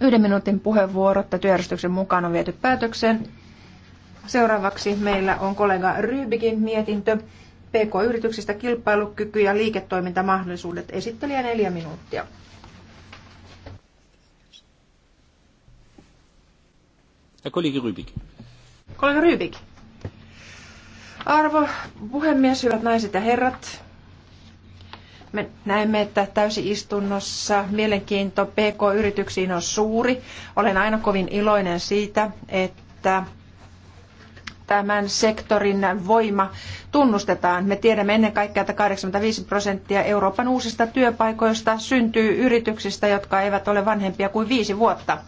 Yhden minuutin puheenvuorot ja työjärjestyksen mukaan on viety päätökseen. Seuraavaksi meillä on kollega Rybikin mietintö. PK-yrityksistä kilpailukyky ja liiketoimintamahdollisuudet. Esittelijä neljä minuuttia. Ja kollega Rybik. Kollega Rybik. Arvo puhemies, hyvät naiset ja herrat. Me näemme, että täysiistunnossa mielenkiinto PK-yrityksiin on suuri. Olen aina kovin iloinen siitä, että tämän sektorin voima tunnustetaan. Me tiedämme ennen kaikkea, että 85 prosenttia Euroopan uusista työpaikoista syntyy yrityksistä, jotka eivät ole vanhempia kuin viisi vuotta.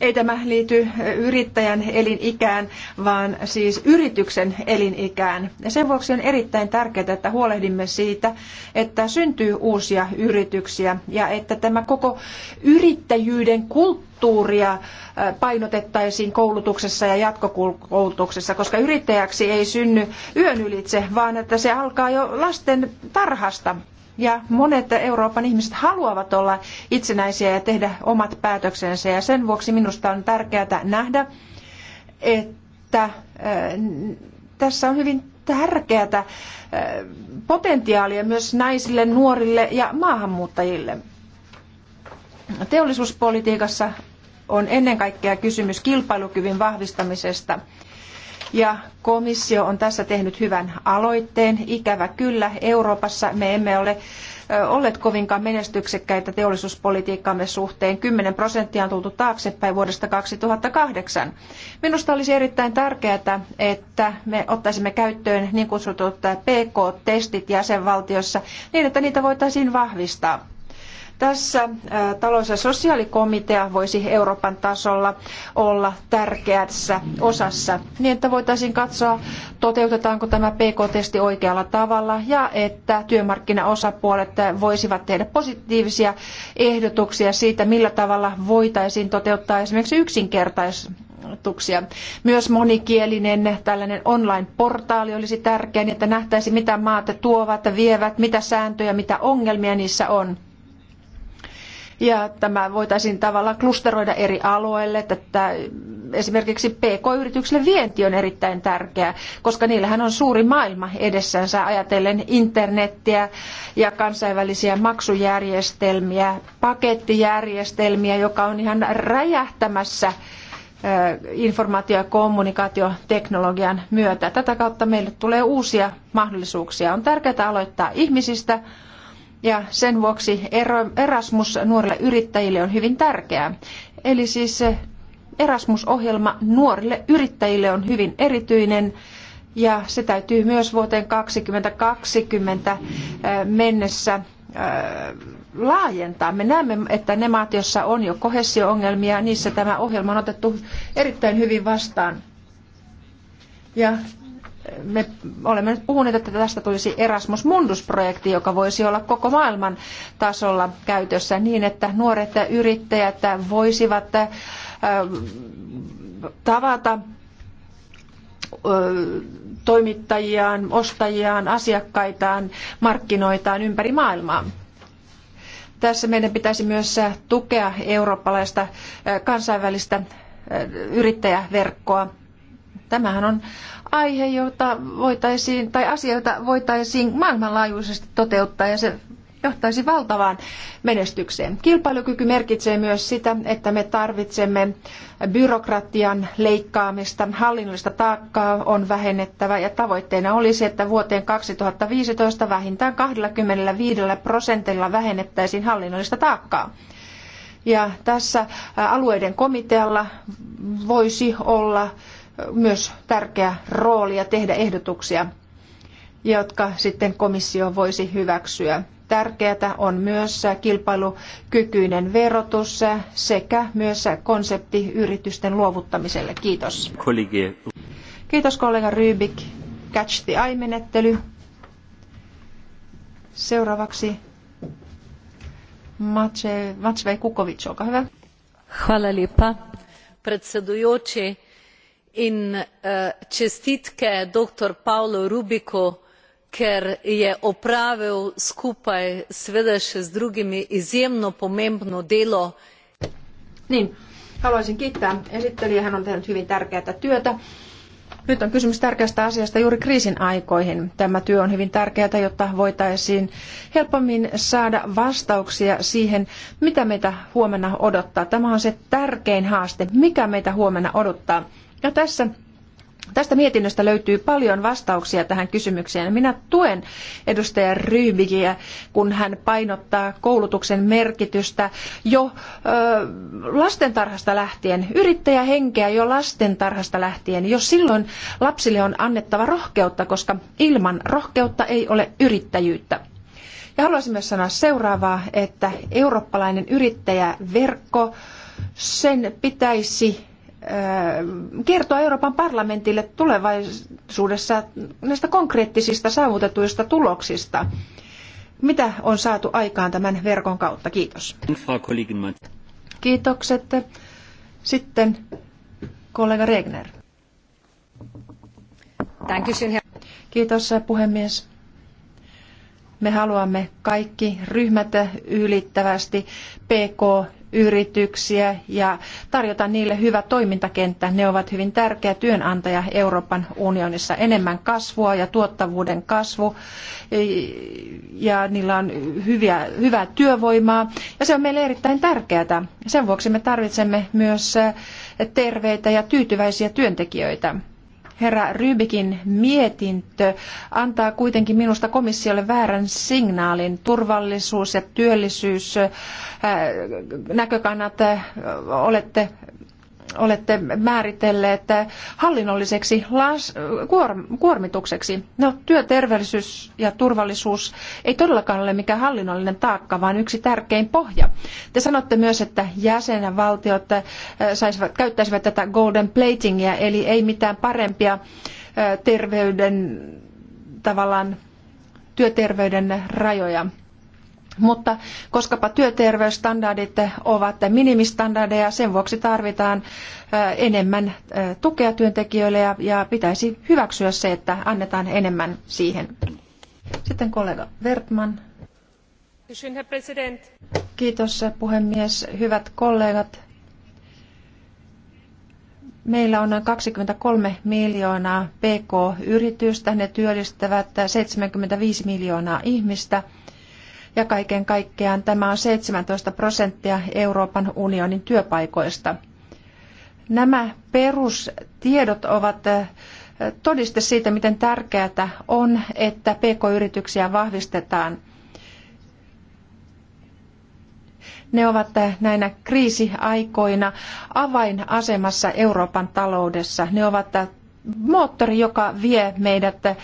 Ei tämä liity yrittäjän elinikään, vaan siis yrityksen elinikään. Ja sen vuoksi on erittäin tärkeää, että huolehdimme siitä, että syntyy uusia yrityksiä ja että tämä koko yrittäjyyden kulttuuria äh, painotettaisiin koulutuksessa ja jatkokoulutuksessa, koska yrittäjäksi ei synny yön ylitse, vaan että se alkaa jo lasten tarhasta ja monet Euroopan ihmiset haluavat olla itsenäisiä ja tehdä omat päätöksensä ja sen vuoksi minusta on tärkeää nähdä, että äh, tässä on hyvin tärkeää äh, potentiaalia myös naisille, nuorille ja maahanmuuttajille. Teollisuuspolitiikassa on ennen kaikkea kysymys kilpailukyvyn vahvistamisesta – ja komissio on tässä tehnyt hyvän aloitteen. Ikävä kyllä, Euroopassa me emme ole olleet kovinkaan menestyksekkäitä teollisuuspolitiikkamme suhteen. kymmenen prosenttia on tultu taaksepäin vuodesta 2008. Minusta olisi erittäin tärkeää, että me ottaisimme käyttöön niin kutsutut PK-testit jäsenvaltiossa niin, että niitä voitaisiin vahvistaa tässä talous- ja sosiaalikomitea voisi Euroopan tasolla olla tärkeässä osassa, niin että voitaisiin katsoa, toteutetaanko tämä PK-testi oikealla tavalla ja että työmarkkinaosapuolet voisivat tehdä positiivisia ehdotuksia siitä, millä tavalla voitaisiin toteuttaa esimerkiksi yksinkertaisuus Myös monikielinen tällainen online-portaali olisi tärkeä, niin että nähtäisi mitä maat tuovat, vievät, mitä sääntöjä, mitä ongelmia niissä on ja tämä voitaisiin tavallaan klusteroida eri alueille. Että esimerkiksi PK-yrityksille vienti on erittäin tärkeää, koska niillähän on suuri maailma edessänsä ajatellen internettiä ja kansainvälisiä maksujärjestelmiä, pakettijärjestelmiä, joka on ihan räjähtämässä informaatio- ja kommunikaatioteknologian myötä. Tätä kautta meille tulee uusia mahdollisuuksia. On tärkeää aloittaa ihmisistä, ja sen vuoksi Erasmus nuorille yrittäjille on hyvin tärkeää. Eli siis eh, Erasmus-ohjelma nuorille yrittäjille on hyvin erityinen ja se täytyy myös vuoteen 2020 eh, mennessä eh, laajentaa. Me näemme, että ne maat, joissa on jo ongelmia, niissä tämä ohjelma on otettu erittäin hyvin vastaan. Ja me olemme nyt puhuneet, että tästä tulisi Erasmus Mundus-projekti, joka voisi olla koko maailman tasolla käytössä niin, että nuoret yrittäjät voisivat tavata toimittajiaan, ostajiaan, asiakkaitaan, markkinoitaan ympäri maailmaa. Tässä meidän pitäisi myös tukea eurooppalaista kansainvälistä yrittäjäverkkoa Tämähän on aihe, jota voitaisiin, tai asioita voitaisiin maailmanlaajuisesti toteuttaa ja se johtaisi valtavaan menestykseen. Kilpailukyky merkitsee myös sitä, että me tarvitsemme byrokratian leikkaamista, hallinnollista taakkaa on vähennettävä ja tavoitteena olisi, että vuoteen 2015 vähintään 25 prosentilla vähennettäisiin hallinnollista taakkaa. Ja tässä alueiden komitealla voisi olla myös tärkeä rooli ja tehdä ehdotuksia, jotka sitten komissio voisi hyväksyä. Tärkeätä on myös kilpailukykyinen verotus sekä myös konsepti yritysten luovuttamiselle. Kiitos. Kollegi. Kiitos kollega Rybik. Catch the eye-menettely. Seuraavaksi Matvej Kukovic, olkaa hyvä. Hvala Predsedujući, in eh, čestitke dr. Pavlu Rubiku, ker je opravil skupaj seveda še z drugimi izjemno pomembno delo. Niin, haluaisin kiittää esittelijä, hän on tehnyt hyvin tärkeää työtä. Nyt on kysymys tärkeästä asiasta juuri kriisin aikoihin. Tämä työ on hyvin tärkeää, jotta voitaisiin helpommin saada vastauksia siihen, mitä meitä huomenna odottaa. Tämä on se tärkein haaste, mikä meitä huomenna odottaa. Ja no tässä Tästä mietinnöstä löytyy paljon vastauksia tähän kysymykseen. Minä tuen edustaja Ryybigiä, kun hän painottaa koulutuksen merkitystä jo ö, lastentarhasta lähtien, yrittäjähenkeä jo lastentarhasta lähtien. Jo silloin lapsille on annettava rohkeutta, koska ilman rohkeutta ei ole yrittäjyyttä. Ja haluaisin myös sanoa seuraavaa, että eurooppalainen yrittäjäverkko, sen pitäisi kertoa Euroopan parlamentille tulevaisuudessa näistä konkreettisista saavutetuista tuloksista. Mitä on saatu aikaan tämän verkon kautta? Kiitos. Kiitokset. Sitten kollega Regner. Kiitos puhemies. Me haluamme kaikki ryhmät ylittävästi PK yrityksiä ja tarjota niille hyvä toimintakenttä. Ne ovat hyvin tärkeä työnantaja Euroopan unionissa. Enemmän kasvua ja tuottavuuden kasvu ja niillä on hyviä, hyvää työvoimaa ja se on meille erittäin tärkeää. Sen vuoksi me tarvitsemme myös terveitä ja tyytyväisiä työntekijöitä herra Rybikin mietintö antaa kuitenkin minusta komissiolle väärän signaalin. Turvallisuus ja työllisyys äh, näkökannat äh, olette olette määritelleet hallinnolliseksi las, kuormitukseksi. No, työterveellisyys ja turvallisuus ei todellakaan ole mikään hallinnollinen taakka, vaan yksi tärkein pohja. Te sanotte myös, että jäsenvaltiot äh, saisivat, käyttäisivät tätä golden platingia, eli ei mitään parempia äh, terveyden tavallaan työterveyden rajoja. Mutta koskapa työterveysstandardit ovat minimistandardeja, sen vuoksi tarvitaan enemmän tukea työntekijöille ja, pitäisi hyväksyä se, että annetaan enemmän siihen. Sitten kollega Wertman. Kiitos puhemies. Hyvät kollegat, Meillä on noin 23 miljoonaa PK-yritystä. Ne työllistävät 75 miljoonaa ihmistä – ja kaiken kaikkiaan tämä on 17 prosenttia Euroopan unionin työpaikoista. Nämä perustiedot ovat eh, todiste siitä, miten tärkeää on, että pk-yrityksiä vahvistetaan. Ne ovat eh, näinä kriisiaikoina avainasemassa Euroopan taloudessa. Ne ovat eh, moottori, joka vie meidät eh,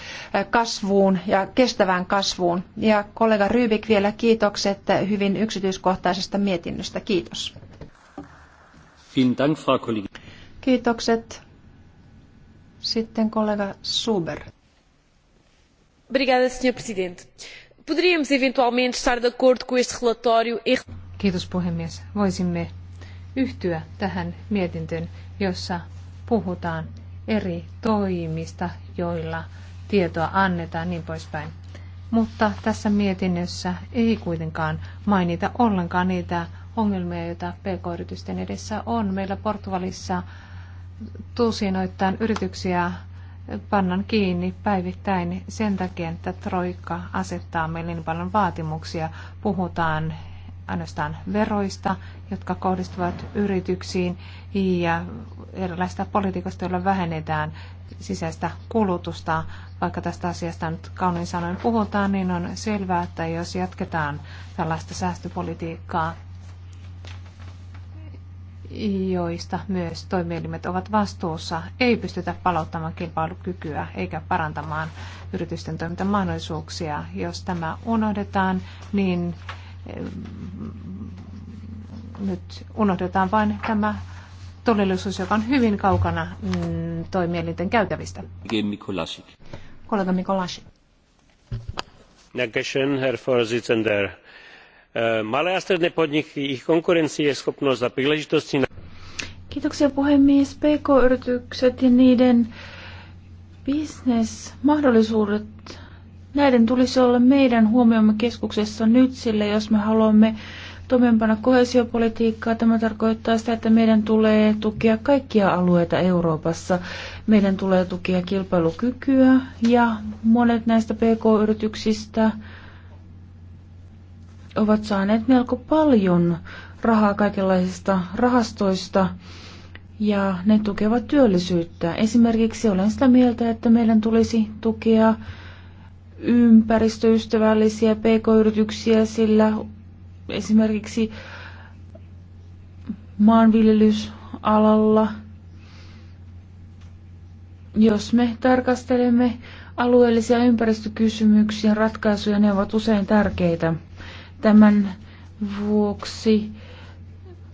kasvuun ja kestävään kasvuun. Ja kollega Rybik vielä kiitokset hyvin yksityiskohtaisesta mietinnöstä. Kiitos. Kiitokset. Sitten kollega Suber. Obrigada, senhor presidente. Poderíamos eventualmente estar de acordo com este relatório e... Kiitos puhemies. Voisimme yhtyä tähän mietintöön, jossa puhutaan eri toimista, joilla tietoa annetaan niin poispäin. Mutta tässä mietinnössä ei kuitenkaan mainita ollenkaan niitä ongelmia, joita pk-yritysten edessä on. Meillä Portugalissa tusinoittain yrityksiä pannan kiinni päivittäin sen takia, että Troikka asettaa meille niin paljon vaatimuksia. Puhutaan ainoastaan veroista, jotka kohdistuvat yrityksiin ja erilaisista politiikoista, joilla vähennetään sisäistä kulutusta. Vaikka tästä asiasta nyt kauniin sanoin puhutaan, niin on selvää, että jos jatketaan tällaista säästöpolitiikkaa, joista myös toimielimet ovat vastuussa, ei pystytä palauttamaan kilpailukykyä eikä parantamaan yritysten toimintamahdollisuuksia. Jos tämä unohdetaan, niin nyt unohdetaan vain tämä todellisuus, joka on hyvin kaukana mm, toimielinten käytävistä. Mikolasik. Kollega Mikolasik. Dankeschön, Herr Vorsitzender. Äh, malé a stredné podniky, ich a príležitosti Kiitoksia puhemies. PK-yritykset ja niiden bisnesmahdollisuudet Näiden tulisi olla meidän huomiomme keskuksessa nyt, sillä jos me haluamme toimeenpana kohesiopolitiikkaa, tämä tarkoittaa sitä, että meidän tulee tukea kaikkia alueita Euroopassa. Meidän tulee tukea kilpailukykyä ja monet näistä PK-yrityksistä ovat saaneet melko paljon rahaa kaikenlaisista rahastoista ja ne tukevat työllisyyttä. Esimerkiksi olen sitä mieltä, että meidän tulisi tukea ympäristöystävällisiä pk-yrityksiä, sillä esimerkiksi maanviljelysalalla, jos me tarkastelemme alueellisia ympäristökysymyksiä, ratkaisuja, ne ovat usein tärkeitä. Tämän vuoksi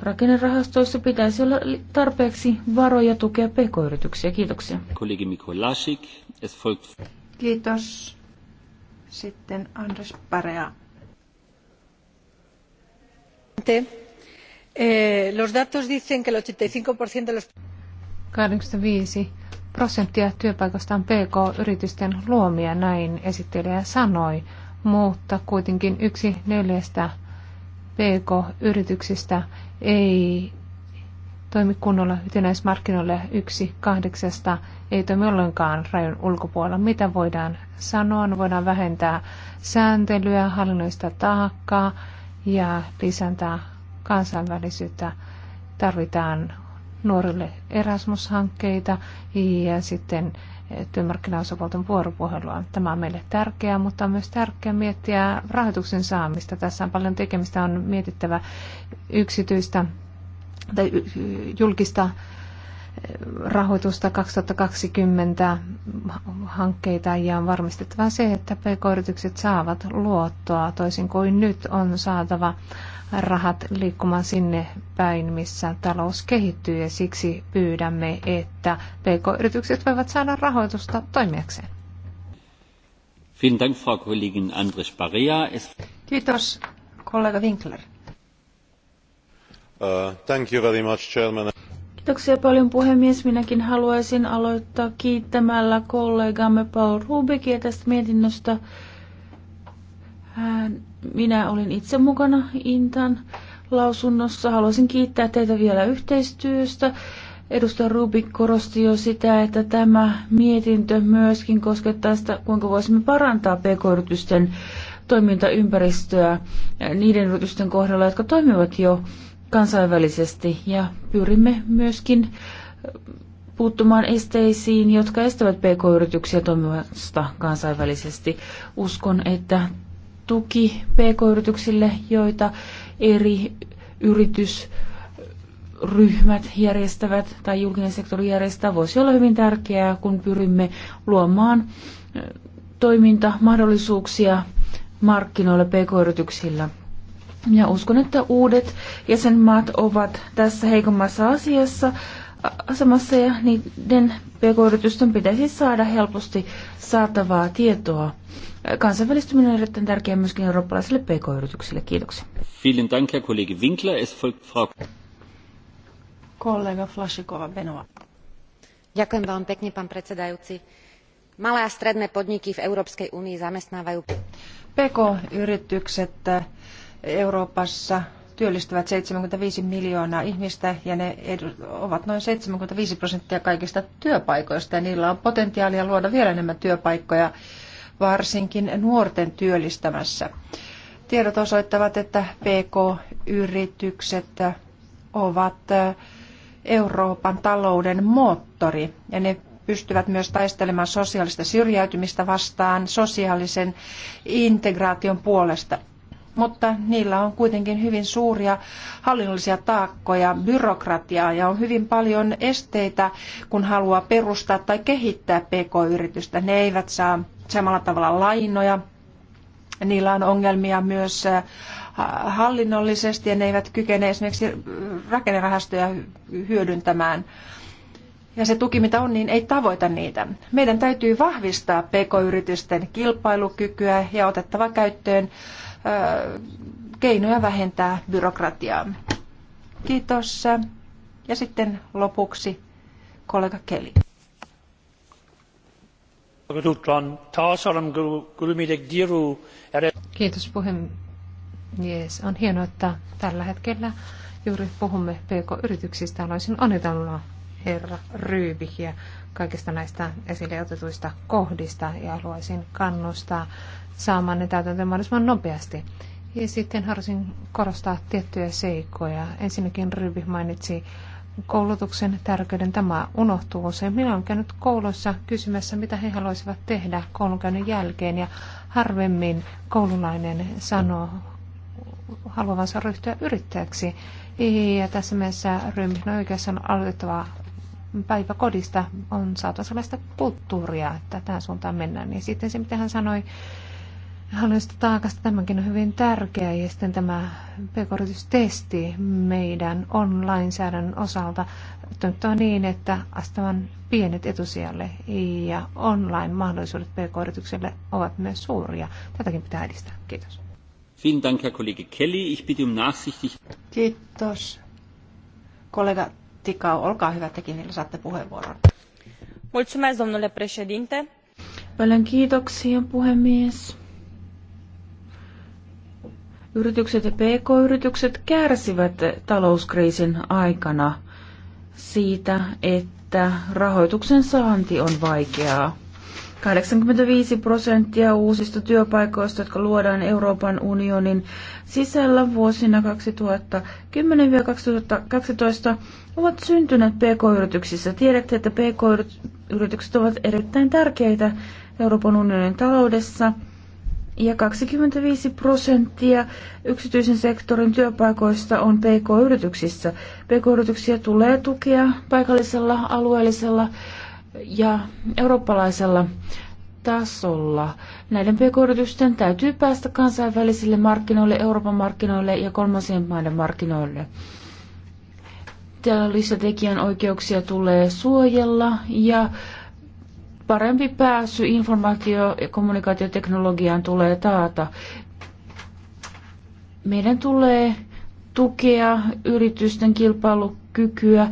rakennerahastoissa pitäisi olla tarpeeksi varoja tukea pk-yrityksiä. Kiitoksia. Kollegi Mikolasik, es folgt... Kiitos. Sitten Andres Parea. Eh, los datos dicen que el 85% de los... 85 prosenttia työpaikoista on PK-yritysten luomia, näin esittelijä sanoi, mutta kuitenkin yksi neljästä PK-yrityksistä ei toimi kunnolla yhtenäismarkkinoille yksi kahdeksasta ei toimi ollenkaan rajan ulkopuolella. Mitä voidaan sanoa? No voidaan vähentää sääntelyä, hallinnoista taakkaa ja lisätä kansainvälisyyttä. Tarvitaan nuorille Erasmus-hankkeita ja sitten työmarkkinaosapuolten vuoropuhelua. Tämä on meille tärkeää, mutta on myös tärkeää miettiä rahoituksen saamista. Tässä on paljon tekemistä, on mietittävä yksityistä tai julkista e, rahoitusta 2020 hankkeita ja on varmistettava se, että pk-yritykset saavat luottoa toisin kuin nyt on saatava rahat liikkumaan sinne päin, missä talous kehittyy ja siksi pyydämme, että pk-yritykset voivat saada rahoitusta toimijakseen. Kiitos, kollega Winkler. Uh, thank you very much, Chairman. Kiitoksia paljon puhemies. Minäkin haluaisin aloittaa kiittämällä kollegamme Paul Rubikia tästä mietinnöstä. Minä olin itse mukana Intan lausunnossa. Haluaisin kiittää teitä vielä yhteistyöstä. Edustaja Rubik korosti jo sitä, että tämä mietintö myöskin koskettaa sitä, kuinka voisimme parantaa pk-yritysten toimintaympäristöä niiden yritysten kohdalla, jotka toimivat jo kansainvälisesti ja pyrimme myöskin puuttumaan esteisiin, jotka estävät pk-yrityksiä toimimasta kansainvälisesti. Uskon, että tuki pk-yrityksille, joita eri yritysryhmät järjestävät tai julkinen sektori järjestää, voisi olla hyvin tärkeää, kun pyrimme luomaan toimintamahdollisuuksia markkinoille pk-yrityksillä. Minä uskon, että uudet jäsenmaat ovat tässä heikommassa asiassa asemassa ja niiden pk-yritysten pitäisi saada helposti saatavaa tietoa. Kansainvälistyminen on erittäin tärkeää myöskin eurooppalaisille pk-yrityksille. Kiitoksia. Vielen dank, Herr Kollege Winkler. Es folgt Frau... Kollega Flašikova Benova. Ďakujem vám pekne, pán predsedajúci. Malé a stredné podniky v Európskej únii zamestnávajú... PK-yritykset Euroopassa työllistävät 75 miljoonaa ihmistä ja ne ovat noin 75 prosenttia kaikista työpaikoista ja niillä on potentiaalia luoda vielä enemmän työpaikkoja varsinkin nuorten työllistämässä. Tiedot osoittavat, että PK-yritykset ovat Euroopan talouden moottori ja ne pystyvät myös taistelemaan sosiaalista syrjäytymistä vastaan sosiaalisen integraation puolesta mutta niillä on kuitenkin hyvin suuria hallinnollisia taakkoja, byrokratiaa ja on hyvin paljon esteitä, kun haluaa perustaa tai kehittää pk-yritystä. Ne eivät saa samalla tavalla lainoja. Niillä on ongelmia myös äh, hallinnollisesti ja ne eivät kykene esimerkiksi rakennerahastoja hyödyntämään ja se tuki, mitä on, niin ei tavoita niitä. Meidän täytyy vahvistaa pk-yritysten kilpailukykyä ja otettava käyttöön keinoja vähentää byrokratiaa. Kiitos. Ja sitten lopuksi kollega Kelly. Kiitos puhemies. On hienoa, että tällä hetkellä juuri puhumme PK-yrityksistä. Haluaisin onnitella herra Ryyvihiä kaikista näistä esille otetuista kohdista ja haluaisin kannustaa saamaan ne täytäntöön mahdollisimman nopeasti. Ja sitten haluaisin korostaa tiettyjä seikkoja. Ensinnäkin Ryby mainitsi koulutuksen tärkeyden. Tämä unohtuu usein. Minä olen käynyt koulussa kysymässä, mitä he haluaisivat tehdä koulunkäynnin jälkeen ja harvemmin koululainen sanoo haluavansa ryhtyä yrittäjäksi. Ja tässä mielessä ryhmissä no on oikeastaan aloitettava päiväkodista on saatu sellaista kulttuuria, että tähän suuntaan mennään. niin. sitten se, mitä hän sanoi hallinnosta taakasta, tämäkin on hyvin tärkeä. Ja sitten tämä pk meidän on lainsäädännön osalta on niin, että astavan pienet etusijalle ja online-mahdollisuudet pk ovat myös suuria. Tätäkin pitää edistää. Kiitos. Vielen Dank, Herr Kollege Kelly. Ich bitte um Nachsichtig. Kiitos. Kollega Tikau, olkaa hyvä tekin, niin saatte puheenvuoron. Mulțumesc, domnule președinte. Paljon kiitoksia, puhemies. Yritykset ja pk-yritykset kärsivät talouskriisin aikana siitä, että rahoituksen saanti on vaikeaa. 85 prosenttia uusista työpaikoista, jotka luodaan Euroopan unionin sisällä vuosina 2010-2012, ovat syntyneet PK-yrityksissä. Tiedätte, että PK-yritykset ovat erittäin tärkeitä Euroopan unionin taloudessa. Ja 25 prosenttia yksityisen sektorin työpaikoista on PK-yrityksissä. PK-yrityksiä tulee tukea paikallisella, alueellisella ja eurooppalaisella tasolla. Näiden pk-yritysten täytyy päästä kansainvälisille markkinoille, Euroopan markkinoille ja kolmansien maiden markkinoille. Teollisuustekijän oikeuksia tulee suojella ja parempi pääsy informaatio- ja kommunikaatioteknologiaan tulee taata. Meidän tulee tukea yritysten kilpailukykyä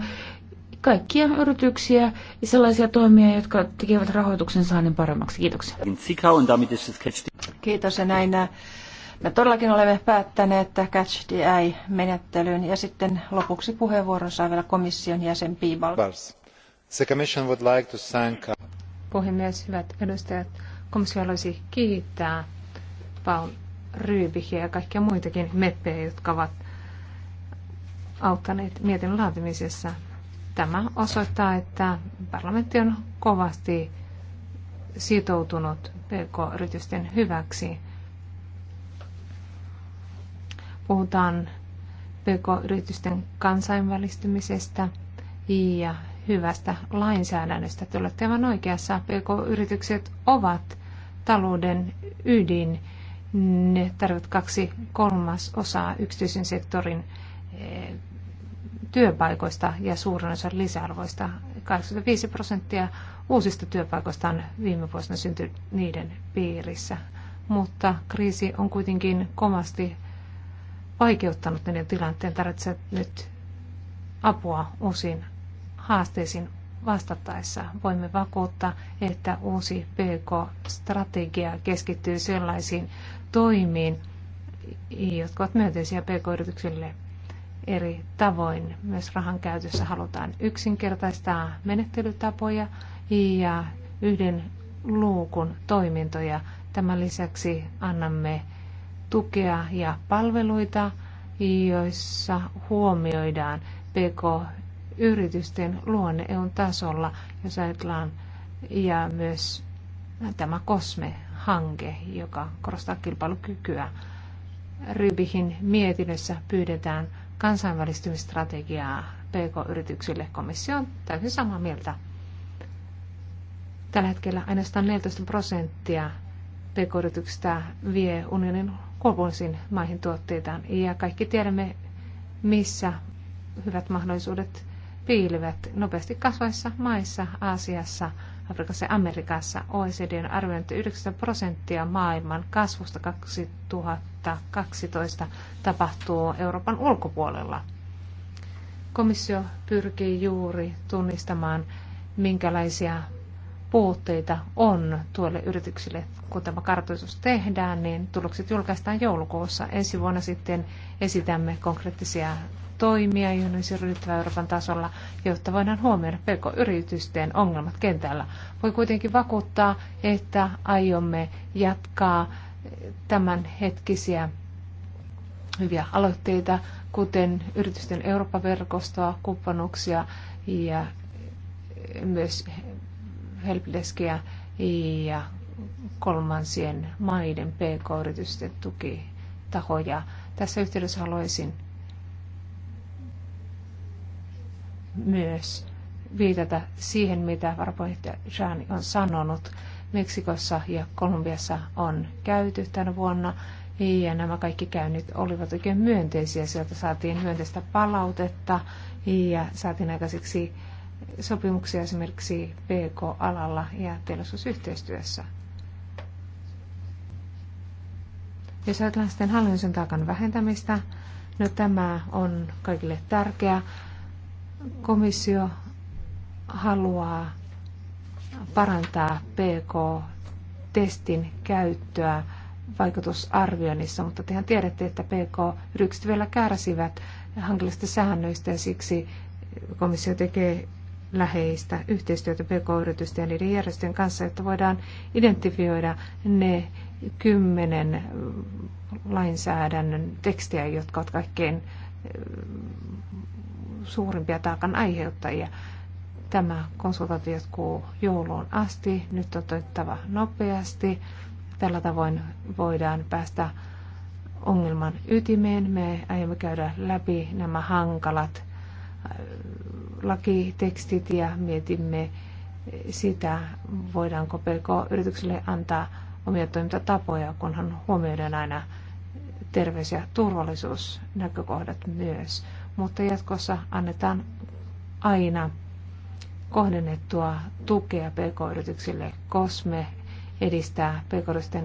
kaikkia yrityksiä ja sellaisia toimia, jotka tekevät rahoituksen saannin paremmaksi. Kiitoksia. Kiitos ja näin. Äh, me todellakin olemme päättäneet Catch the Eye-menettelyn ja sitten lopuksi puheenvuoron saa vielä komission jäsen Piibal. Uh, Puhemies, hyvät edustajat, komissio haluaisi kiittää Paul Ryybihiä ja kaikkia muitakin meppejä, jotka ovat auttaneet mietin laatimisessa. Tämä osoittaa, että parlamentti on kovasti sitoutunut pk-yritysten hyväksi. Puhutaan pk-yritysten kansainvälistymisestä ja hyvästä lainsäädännöstä. Te olette aivan oikeassa. PK-yritykset ovat talouden ydin. Ne tarvitsevat kaksi kolmasosaa yksityisen sektorin eh, työpaikoista ja suurin osa lisäarvoista. 85 prosenttia uusista työpaikoista on viime vuosina syntynyt niiden piirissä. Mutta kriisi on kuitenkin kovasti vaikeuttanut niiden tilanteen. Tarvitsee nyt apua uusiin haasteisiin vastattaessa. Voimme vakuuttaa, että uusi PK-strategia keskittyy sellaisiin toimiin, jotka ovat myönteisiä PK-yrityksille eri tavoin. Myös rahan käytössä halutaan yksinkertaistaa menettelytapoja ja yhden luukun toimintoja. Tämän lisäksi annamme tukea ja palveluita, joissa huomioidaan PK-yritysten luonne EUn tasolla, jos ajatellaan, ja myös tämä COSME-hanke, joka korostaa kilpailukykyä. Rybihin mietinnössä pyydetään kansainvälistymistrategiaa PK-yrityksille. Komissio on täysin samaa mieltä. Tällä hetkellä ainoastaan 14 prosenttia PK-yrityksistä vie unionin kolmansiin maihin tuotteitaan. Ja kaikki tiedämme, missä hyvät mahdollisuudet piilivät nopeasti kasvaissa maissa Aasiassa – Afrikassa ja Amerikassa. OECDn että 9 prosenttia maailman kasvusta 2012 tapahtuu Euroopan ulkopuolella. Komissio pyrkii juuri tunnistamaan, minkälaisia puutteita on tuolle yrityksille. Kun tämä kartoitus tehdään, niin tulokset julkaistaan joulukuussa. Ensi vuonna sitten esitämme konkreettisia toimia, joihin Euroopan tasolla, jotta voidaan huomioida pk-yritysten ongelmat kentällä. Voi kuitenkin vakuuttaa, että aiomme jatkaa tämänhetkisiä hyviä aloitteita, kuten yritysten Eurooppa-verkostoa, kumppanuuksia ja myös helpdeskiä ja kolmansien maiden pk-yritysten tukitahoja. Tässä yhteydessä haluaisin myös viitata siihen, mitä varapuheenjohtaja Jean on sanonut. Meksikossa ja Kolumbiassa on käyty tänä vuonna ja nämä kaikki käynnit olivat oikein myönteisiä. Sieltä saatiin myönteistä palautetta ja saatiin aikaiseksi sopimuksia esimerkiksi PK-alalla ja teollisuusyhteistyössä. Jos ajatellaan sitten hallinnollisen taakan vähentämistä, no tämä on kaikille tärkeää komissio haluaa parantaa PK-testin käyttöä vaikutusarvioinnissa, mutta tehän tiedätte, että PK-yritykset vielä kärsivät hankalista säännöistä ja siksi komissio tekee läheistä yhteistyötä PK-yritysten ja niiden järjestöjen kanssa, jotta voidaan identifioida ne kymmenen lainsäädännön tekstiä, jotka ovat kaikkein suurimpia taakan aiheuttajia. Tämä konsultaatio jatkuu jouluun asti, nyt on toittava nopeasti. Tällä tavoin voidaan päästä ongelman ytimeen. Me aiomme käydä läpi nämä hankalat äh, lakitekstit ja mietimme sitä, voidaanko PK-yrityksille antaa omia toimintatapoja, kunhan huomioidaan aina terveys- ja turvallisuusnäkökohdat myös mutta jatkossa annetaan aina kohdennettua tukea pk-yrityksille. COSME edistää pk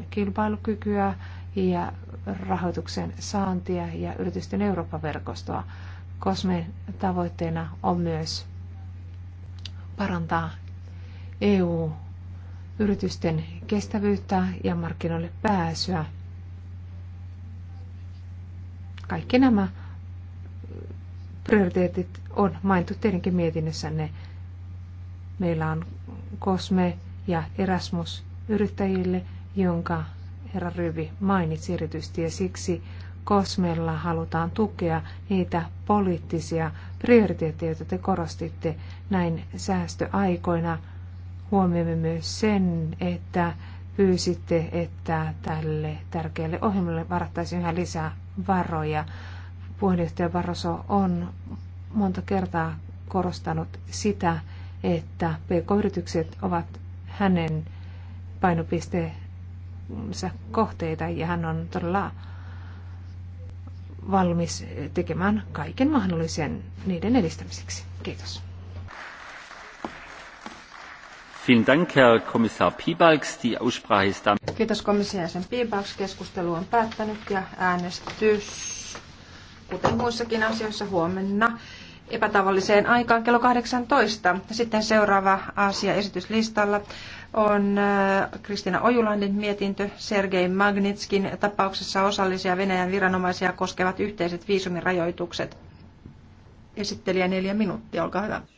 kilpailukykyä ja rahoituksen saantia ja yritysten Eurooppa-verkostoa. COSMEn tavoitteena on myös parantaa EU-yritysten kestävyyttä ja markkinoille pääsyä. Kaikki nämä prioriteetit on mainittu teidänkin mietinnössänne. Meillä on Kosme ja Erasmus yrittäjille, jonka herra Ryvi mainitsi erityisesti, ja siksi Kosmella halutaan tukea niitä poliittisia prioriteetteja, joita te korostitte näin säästöaikoina. Huomioimme myös sen, että pyysitte, että tälle tärkeälle ohjelmalle varattaisiin yhä lisää varoja puheenjohtaja Barroso on monta kertaa korostanut sitä, että pk-yritykset ovat hänen painopisteensä kohteita ja hän on todella valmis tekemään kaiken mahdollisen niiden edistämiseksi. Kiitos. Kiitos komission jäsen Piebalgs. Keskustelu on päättänyt ja äänestys kuten muissakin asioissa huomenna epätavalliseen aikaan kello 18. Sitten seuraava asia esityslistalla on äh, Kristina Ojulainen mietintö Sergei Magnitskin tapauksessa osallisia Venäjän viranomaisia koskevat yhteiset viisumirajoitukset. Esittelijä neljä minuuttia, olkaa hyvä.